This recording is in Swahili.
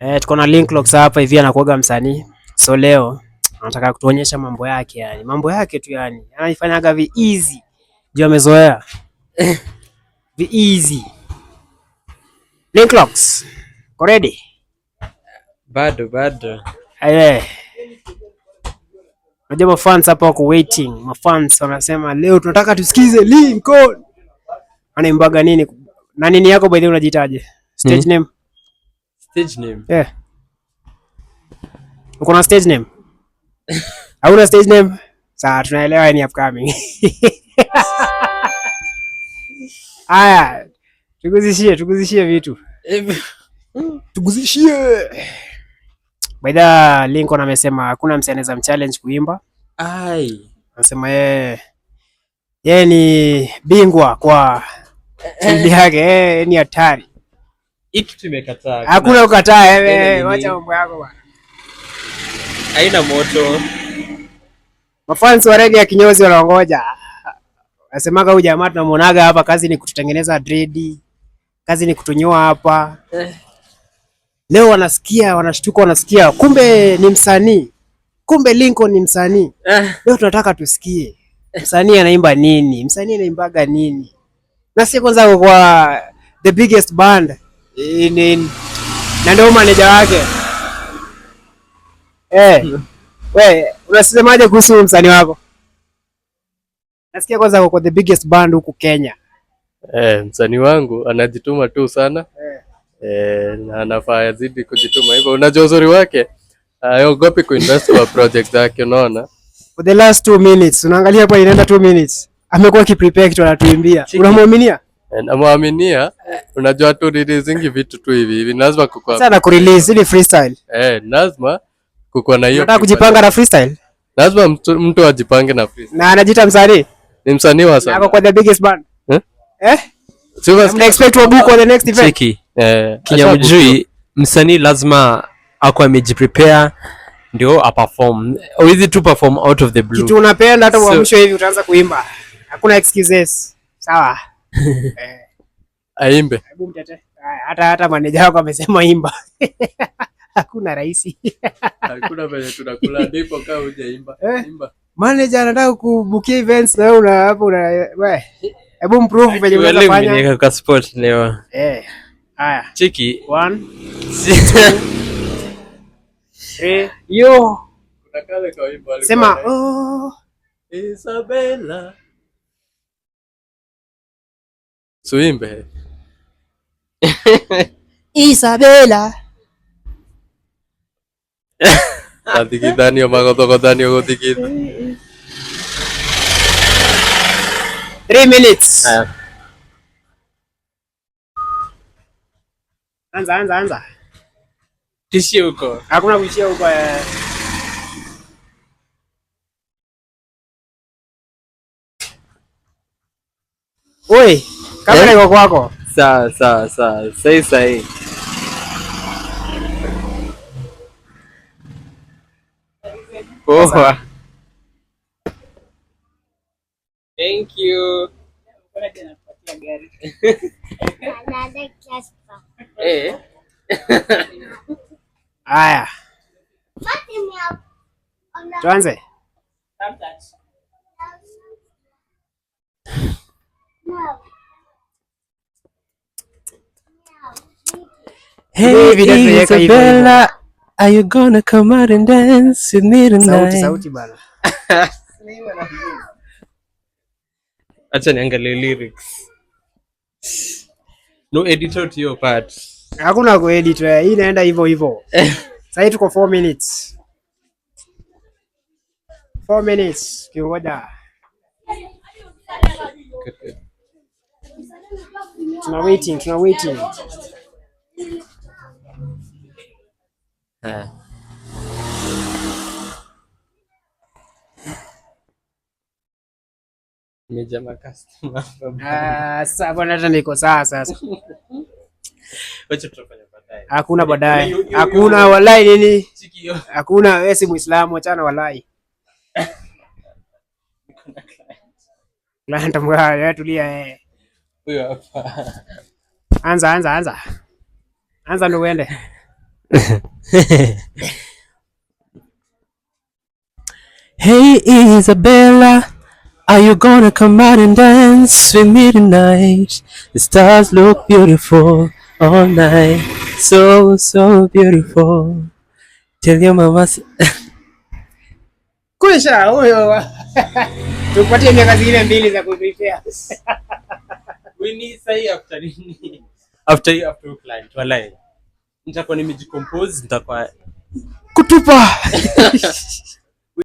Eh, tuko na link locks hapa hivi anakuaga msanii. So leo anataka kutuonyesha mambo yake yani. Mambo yake tu yani. Anaifanyaga vi easy. Ndio amezoea. Vi easy. Link locks. Ko ready? Bado bado. Aye. Najua mafans hapa wako waiting. Mafans wanasema leo tunataka tusikize Lincoln. Anaimbaga nini? Na nini yako by the way unajitaje? Stage mm -hmm. name? Stage name. Eh. Uko na stage name? Hauna stage name? tunaelewa ni upcoming. Aya, tuguzishie, tuguzishie vitu. Tuguzishie. By the Lincoln amesema hakuna msanii anaweza mchallenge kuimba. Ai. Anasema yeye yeye ni bingwa kwa eh, eh. fundi yake, yeye ni hatari. Hiki tumekataa. Hakuna ukataa wewe, wacha mambo yako bwana. Haina moto. Mafans wa Reggae ya Kinyozi wanaongoja. Nasemaga huyu jamaa tunamuonaga hapa, kazi ni kututengeneza dread, kazi ni kutunyoa hapa. Leo wanasikia, wanashtuka, wanasikia kumbe ni msanii, kumbe Lincoln ni msanii. Eh. Leo tunataka tusikie msanii anaimba nini, msanii anaimbaga nini, na si kwanza kwa the biggest band nini na ndio maneja wake eh. We unasemaje kuhusu msanii wako? Nasikia kwanza kwa the biggest band huku Kenya. Eh, msanii wangu anajituma tu sana eh. Eh, na anafaa azidi kujituma hivyo, unajua uzuri wake aogopi kuinvest kwa project yake, unaona. For the last two minutes unaangalia hapa, inaenda two minutes, amekuwa kiprepare kitu anatuimbia, unamwaminia Eh, namwaminia, unajua tu releasingi vitu tu hivi hivi, lazima kukua sana ku release ile freestyle eh, lazima kukua na hiyo. Unataka kujipanga na freestyle, lazima mtu, mtu ajipange na freestyle. Na anajiita msanii, ni msanii wa sana, ako kwa the biggest band eh eh, so we expect to book on the next event cheki eh, kinyamjui msanii lazima ako amejiprepare ndio aperform, or is it to perform out of the blue, kitu unapenda hata uamsho hivi utaanza kuimba, hakuna excuses, sawa Eh. Aimbe. Hebu mtete. Hata hata maneja wako amesema imba. Hakuna rahisi. Hakuna vile tunakula ndipo kama uje Imba. Eh? Imba. Maneja anataka kubukia events na wewe una hapo una wewe. Hebu mprove vile unafanya. Wewe ni kwa sport leo. Eh. Haya. Chiki. 1 2 3 Yo. Sema oh. Isabella. Suimbe. Isabela. Athikitanio magothogothanio guthikita. Three minutes. Aya. Anza, anza, anza. Tishie huko. Hakuna kuishia huko. Eh. Oi. Kamera eh? iko kwako. Sawa sawa sawa, sahi sahi. Poa. Thank you. Eh? Eh? Haya. Tuanze. No. Hey, Isabella, are you gonna come out and dance with me tonight? Sauti, sauti bana. Acha niangalie lyrics. No editor to your part. Hakuna ku edit, eh, hii inaenda hivyo hivyo. Sasa tuko 4 minutes. 4 minutes. Kingoja. Tuna waiting, tuna waiting. Eh. Ah, sasa bwana hata niko sawa sasa. Hakuna baadaye. Hakuna yaani, yaani, walai nini? Hakuna wewe si Muislamu, achana walai. tulia eh. Anza, anza, anza. Anza uende. Hey Isabella, are you gonna come out and dance with me tonight? The stars look beautiful all night. So, so beautiful. Tell your mama. Kusha, huyo. Tupatie miaka zingine mbili za kuprepare. We need say after nini? After after client, wallahi nitakuwa nimejicompose, nitakuwa kutupa